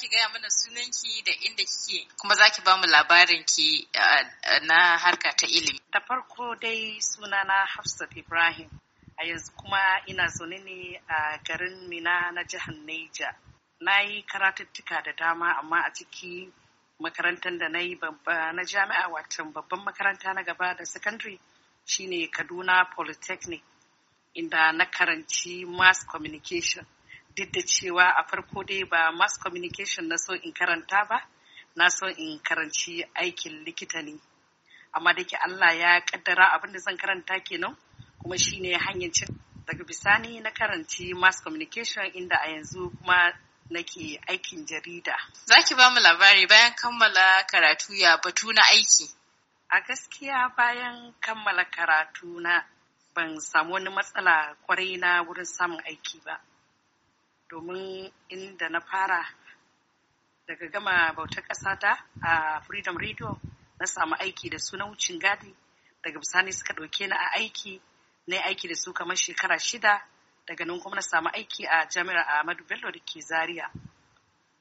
ki gaya mana sunanki da inda kike kuma za ki bamu labarin ki na harka ta ilimi. Da farko dai sunana Hafsat Ibrahim. A yanzu kuma ina zaune ne a garin Mina na jihar Neja. Na yi karatuttuka da dama amma a ciki makarantar da na yi na jami'a watan babban makaranta na gaba da secondary shine Kaduna Polytechnic inda na karanci mass communication. duk da cewa a farko dai ba mass communication na so in karanta ba na so in karanci aikin likita ne amma da ke Allah ya kaddara abin da zan karanta kenan kuma shine hanyar cin daga bisani na karanci mass communication inda a yanzu kuma nake aikin jarida za ki ba mu labari bayan kammala karatu ya batu na aiki a gaskiya bayan kammala karatu na ban samu wani matsala kwarai na wurin samun aiki ba domin inda na fara daga gama bautar ta a freedom radio na samu aiki da su na wucin gadi daga bisani suka ɗauke ni a aiki na aiki da su kamar shekara shida daga nan kuma na samu aiki a jami'ar ahmadu bello da ke zaria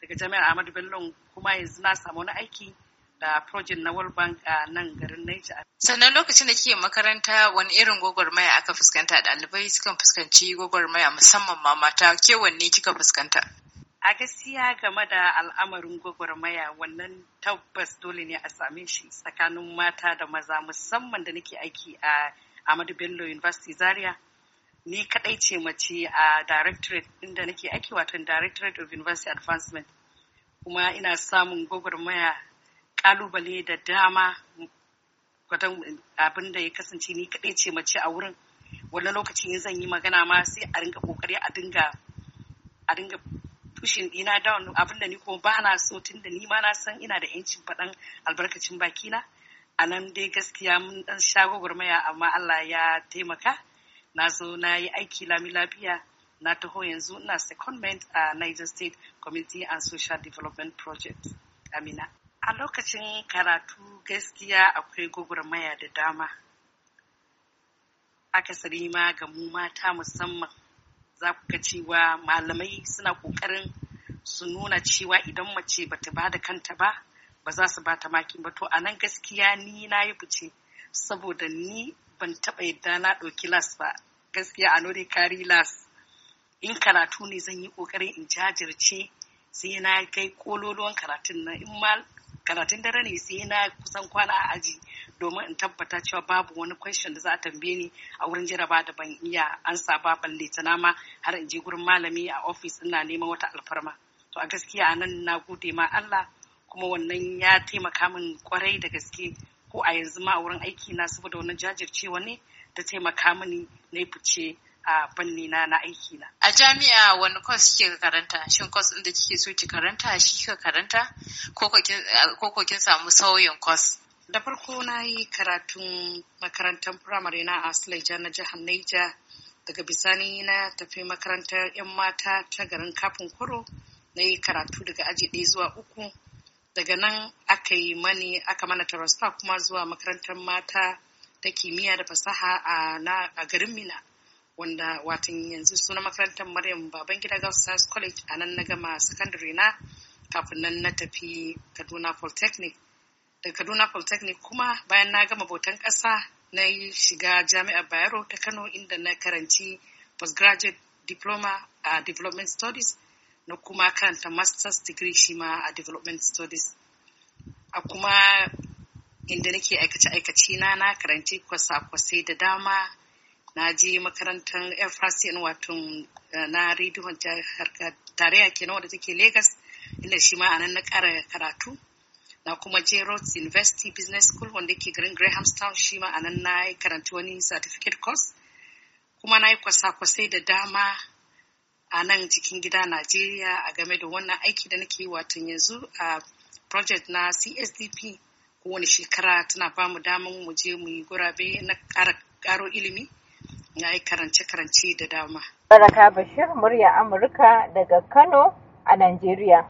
daga jami'ar ahmadu bello kuma yanzu na samu wani aiki da project na World Bank a nan garin Niger. Sannan lokacin da kike makaranta wani irin gwagwarmaya aka fuskanta ɗalibai sukan fuskanci gwagwarmaya musamman ma mata ke wanne kika fuskanta? A gaskiya game da al'amarin gwagwarmaya wannan tabbas dole ne a same shi tsakanin mata da maza musamman da nake aiki a Ahmadu Bello University Zaria. Ni kaɗai ce mace a directorate inda nake aiki wato directorate of university advancement kuma ina samun gwagwarmaya kalubale da dama kwatan abin da ya kasance ni kaɗai ce mace a wurin wani lokacin in zan yi magana ma sai a ringa kokari a dinga a dinga pushing down abin da ni kuma ba na so tun da ni ma na san ina da yancin faɗan albarkacin bakina a nan dai gaskiya mun dan sha gwagwarmaya amma Allah ya taimaka na zo na yi aiki lami lafiya na taho yanzu ina secondment a Niger State Community and Social Development Project Amina. A lokacin karatu gaskiya akwai gwagwarmaya da dama. Akasari ma ga mu mata musamman za ku ga cewa malamai suna ƙoƙarin su nuna cewa idan mace ta ba da kanta ba ba za su bata makin ba to a nan gaskiya ni na yi fice saboda ni ban taɓa yadda na ɗauki las ba gaskiya a nore kari las in karatu ne zan yi ƙoƙarin in jajirce sai na kai kololuwan karatun nan in karatun dare ne sai na kusan kwana a aji domin in tabbata cewa babu wani question da za a tambaye ni a wurin jaraba da ban iya ansa ba balle ta ma har in je gurin malami a office ina neman wata alfarma to a gaskiya a nan na gode ma Allah kuma wannan ya taimaka min kwarai da gaske ko a yanzu ma a wurin aiki na saboda wannan jajircewa ne ta taimaka mini na fice a fanni na na aiki na. A jami'a wani kwas kike karanta? Shin kwas ɗin da kike so ki karanta shi ka karanta eh, ko ko kin samu sauyin kwas? Da farko na yi karatun makarantar firamare na a sulaija na jihar Naija. Daga bisani na tafi makarantar 'yan mata ta garin Kafin Koro. Na yi karatu daga aji ɗaya zuwa uku. Daga nan aka yi mani aka mana tarasta kuma zuwa makarantar mata ta kimiyya da fasaha a garin Mina. wanda watan yanzu suna makarantar Maryam Babangida Girls Science College a nan na gama secondary na kafin nan na tafi Kaduna Polytechnic. Da Kaduna Polytechnic kuma bayan na gama bautan ƙasa na yi shiga Jami'ar Bayero ta Kano inda na karanci postgraduate diploma a development studies na kuma karanta master's degree shi ma a development studies. A kuma inda nake aikace-aikace na na karanci kwasa-kwasai da dama na je makarantar FRCN wato eh, na rediyon jihar tarayya kenan wadda take lagos inda shi ma anan na kara karatu na kuma je Rhodes University Business School wanda ke garin Grahamstown shi ma anan na karanta wani certificate course kuma na yi kwasa-kwasai da dama a nan cikin gida Najeriya a game da wannan aiki da nake yi watan yanzu a project na CSDP kowane shekara tana bamu damar mu je mu yi gurabe na karo ilimi na yi karance-karance da dama. Baraka Bashir, murya Amurka daga Kano a Najeriya.